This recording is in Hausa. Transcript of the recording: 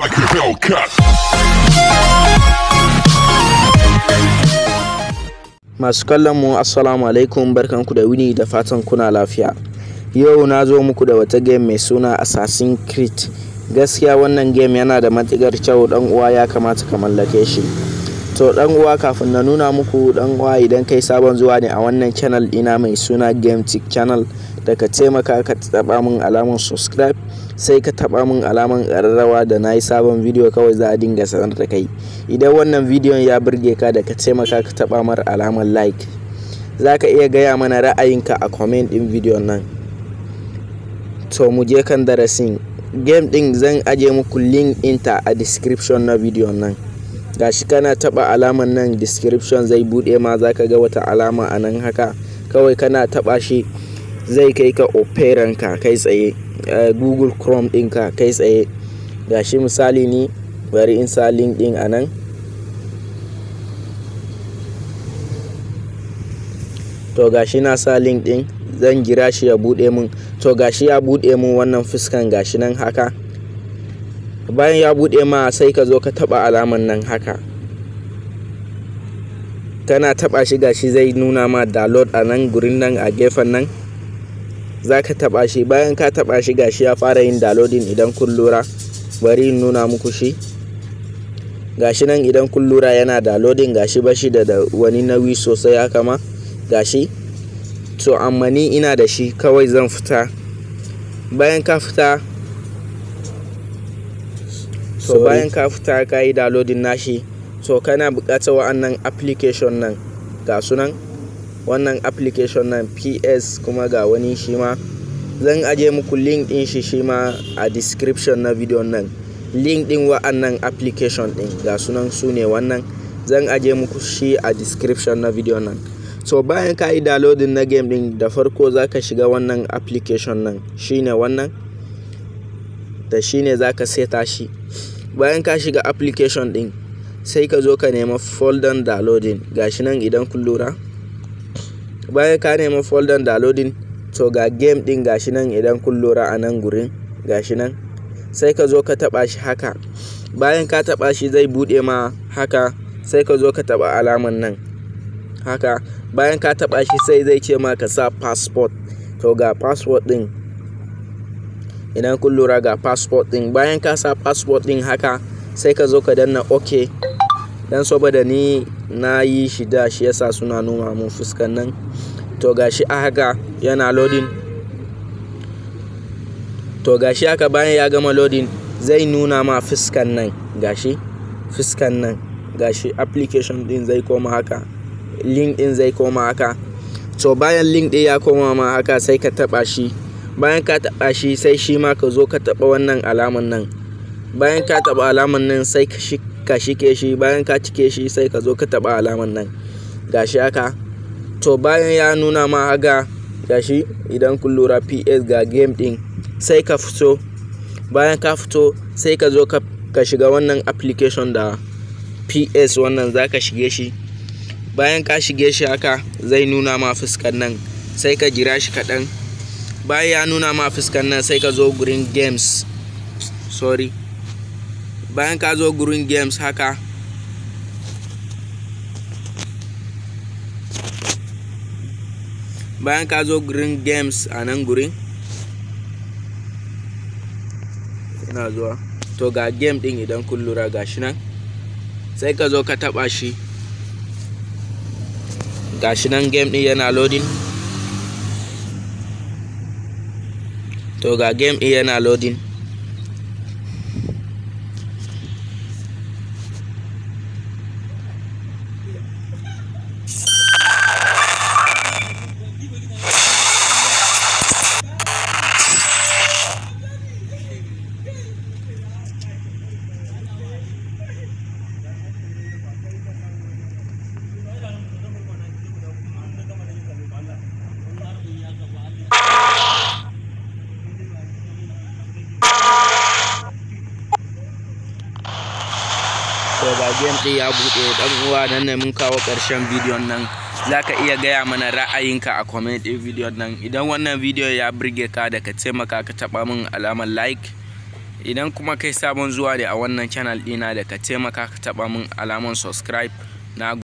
Like a Hellcat. Masu kallon mu Assalamu alaikum barkanku da wuni da fatan kuna lafiya. Yau na zo muku da wata game mai suna Assassin's Creed. Gaskiya wannan game yana da matsigar kyau dan uwa ya kamata ka mallake shi. To dan uwa kafin na nuna muku dan uwa idan kai sabon zuwa ne a wannan channel ina mai suna Game Channel da ka taimaka ka taba min alamar subscribe sai ka taba min alaman ƙararrawa da na yi sabon bidiyo kawai za a dinga sanar da kai idan wannan bidiyon ya burge ka da ka taimaka ka taba mar alamar like za ka iya gaya mana ra'ayinka a comment din bidiyon nan to mu je kan darasin game din zan aje muku link inta a description na bidiyon nan ga shi kana taba alaman nan description zai bude ma za ka ga wata alama a nan haka kawai kana taba shi zai kai ka ka kai tsaye Eh, google chrome ɗinka kai tsaye gashi misali ni bari in sa link ɗin a nan to gashi na sa link ɗin zan gira shi ya buɗe mun to gashi ya buɗe mun wannan fuskan gashi nan haka bayan ya buɗe ma sai ka zo ka taɓa alaman nan haka kana taɓa shi gashi zai nuna ma download a nan gurin nan a gefen nan za ka taɓa shi bayan ka taɓa shi gashi ya fara yin downloading idan kun lura bari in nuna muku shi gashi nan idan kun lura yana downloading gashi ba shi da wani nauyi sosai haka ma gashi to amma ni ina da shi kawai zan fita bayan ka fita so bayan ka fita ka yi downloading nashi to kana buƙatar wa'annan application nan ga sunan wannan application nan ps kuma ga wani shi ma zan aje muku link din shi shi ma a description na video nan link din wa'annan application din ga sunan su ne wannan zan aje muku shi a description na video nan so bayan ka yi downloading na game din da farko za ka shiga wannan application nan shi ne wannan da ne za ka seta shi bayan ka shiga application din sai ka zo ka nema folder downloading shi nan idan kun lura bayan ka nemi folder downloading to ga game din gashi nan idan kun lura a nan gurin gashi nan sai ka zo ka taba shi haka bayan ka taba shi zai bude ma haka sai ka zo ka taba alaman nan haka bayan ka taba shi sai zai ce ma ka sa passport to ga passport din idan kun lura ga passport din bayan ka sa passport din haka sai ka zo ka danna ok dan saboda ni na yi shi da shi yasa suna noma mun fuskan nan to gashi a haka yana loading to gashi haka bayan ya gama loading zai nuna ma fuskan nan gashi fuskan nan gashi application din zai koma haka link din zai koma haka to bayan link din ya koma ma haka sai ka taba shi bayan ka taba shi sai shi ma ka zo ka taba wannan alaman nan bayan ka taba alaman nan sai ka shi ka shike shi bayan ka cike shi sai ka zo ka taba alaman nan gashi haka to bayan ya nuna ma haka gashi idan kun lura ps ga game din sai ka fito bayan ka fito sai ka zo ka shiga wannan application da ps wannan za ka shige shi bayan ka shige shi haka zai nuna ma fuskar nan sai ka jira shi kadan bayan ya nuna ma fuskar nan sai ka zo green games sorry bayan ka zo gurin games haka bayan ka zo gurin games a nan gurin yana zuwa to ga game din idan kun lura ga shi nan sai ka zo ka taba shi ga shi nan game din yana loading to ga game din yana loading to ba game ɗin ya buɗe dan uwa nan ne mun kawo karshen bidiyon nan zaka ka iya gaya mana ra'ayinka a comment ɗin bidiyon nan idan wannan bidiyo ya burge ka da ka taimaka ka taba min alamar like idan kuma kai sabon zuwa ne a wannan channel ɗina da ka taimaka ka taba min alamar subscribe na